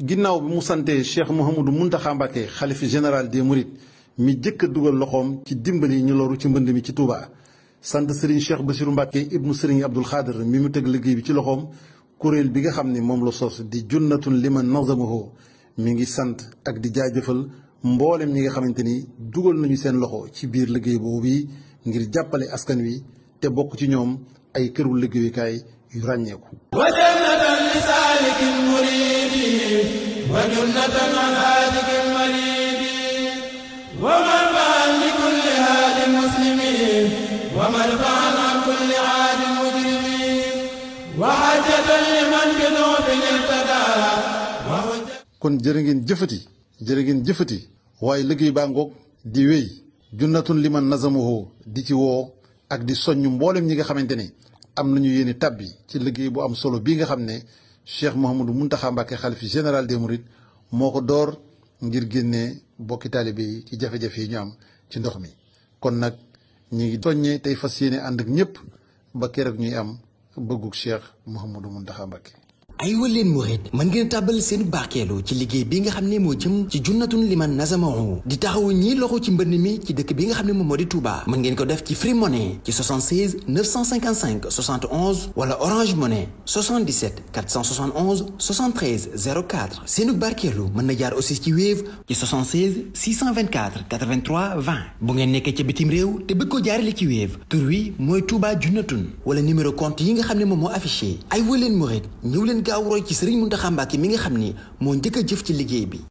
ginnaaw bi mu santee Cheikh Mouhamadou Mountakha Mbacké xalif général des Mourides mi jëkk dugal loxoom ci dimbali ñu loru ci mbënn mi ci Touba sant Serigne Cheikh Bassirou Mbacké ibnu Serigne Abdoul Khadir mi mu teg liggéey bi ci loxoom kuréel bi nga xam ne moom la sos di junnatun liman nazamahu mi ngi sant ak di jaajëfal mboolem ñi nga xamante ni dugal nañu seen loxo ci biir liggéey boobu yi ngir jàppale askan wi te bokk ci ñoom ay këru liggéeyukaay yu ràññeeku. وجنة kon jërë ngeen jëfati waaye liggéey baa ngoog di wéy junnatun liman nazamuhu di ci woo ak di soññ mboolem ñi nga xamante ni am nañu yéene tàbbi ci liggéey bu am solo bii nga xam ne Cheikh Mouhamadou Mountakha Mbacké xalif général des Mourides moo ko door ngir génnee bokki taalibe yi ci jafe-jafe yi ñu am ci ndox mi kon nag ñu ngi soññee tey fas yéene ànd ak ñëpp ba keroog ñuy am bëggug Cheikh Mouhamadou mun Mbacké ay wëleen murid mën ngeen tàbbal seen barkeelu ci liggéey bi nga xam ne moo jëm ci junnatun liman nazamao di taxawu ñi loxo ci mbënn mi ci dëkk bi nga xam ne moom moo di Touba mën ngeen ko def ci Free Money ci 76 955 71 wala Orange Money 77 471 73 04 seenu barkeelu mën na jaar aussi ci Wave ci 76 624 83 20 bu ngeen nekkee ca bitim réew te bëgg ko jaarale ci Wave tur wi mooy Touba junatu wala numéro compte yi nga xam ne moom moo affiché ay wëleen murid gaaw roy ci Serigne Mountakha Mbacké mi nga xam ni moo njëkk jëf ci liggéey bi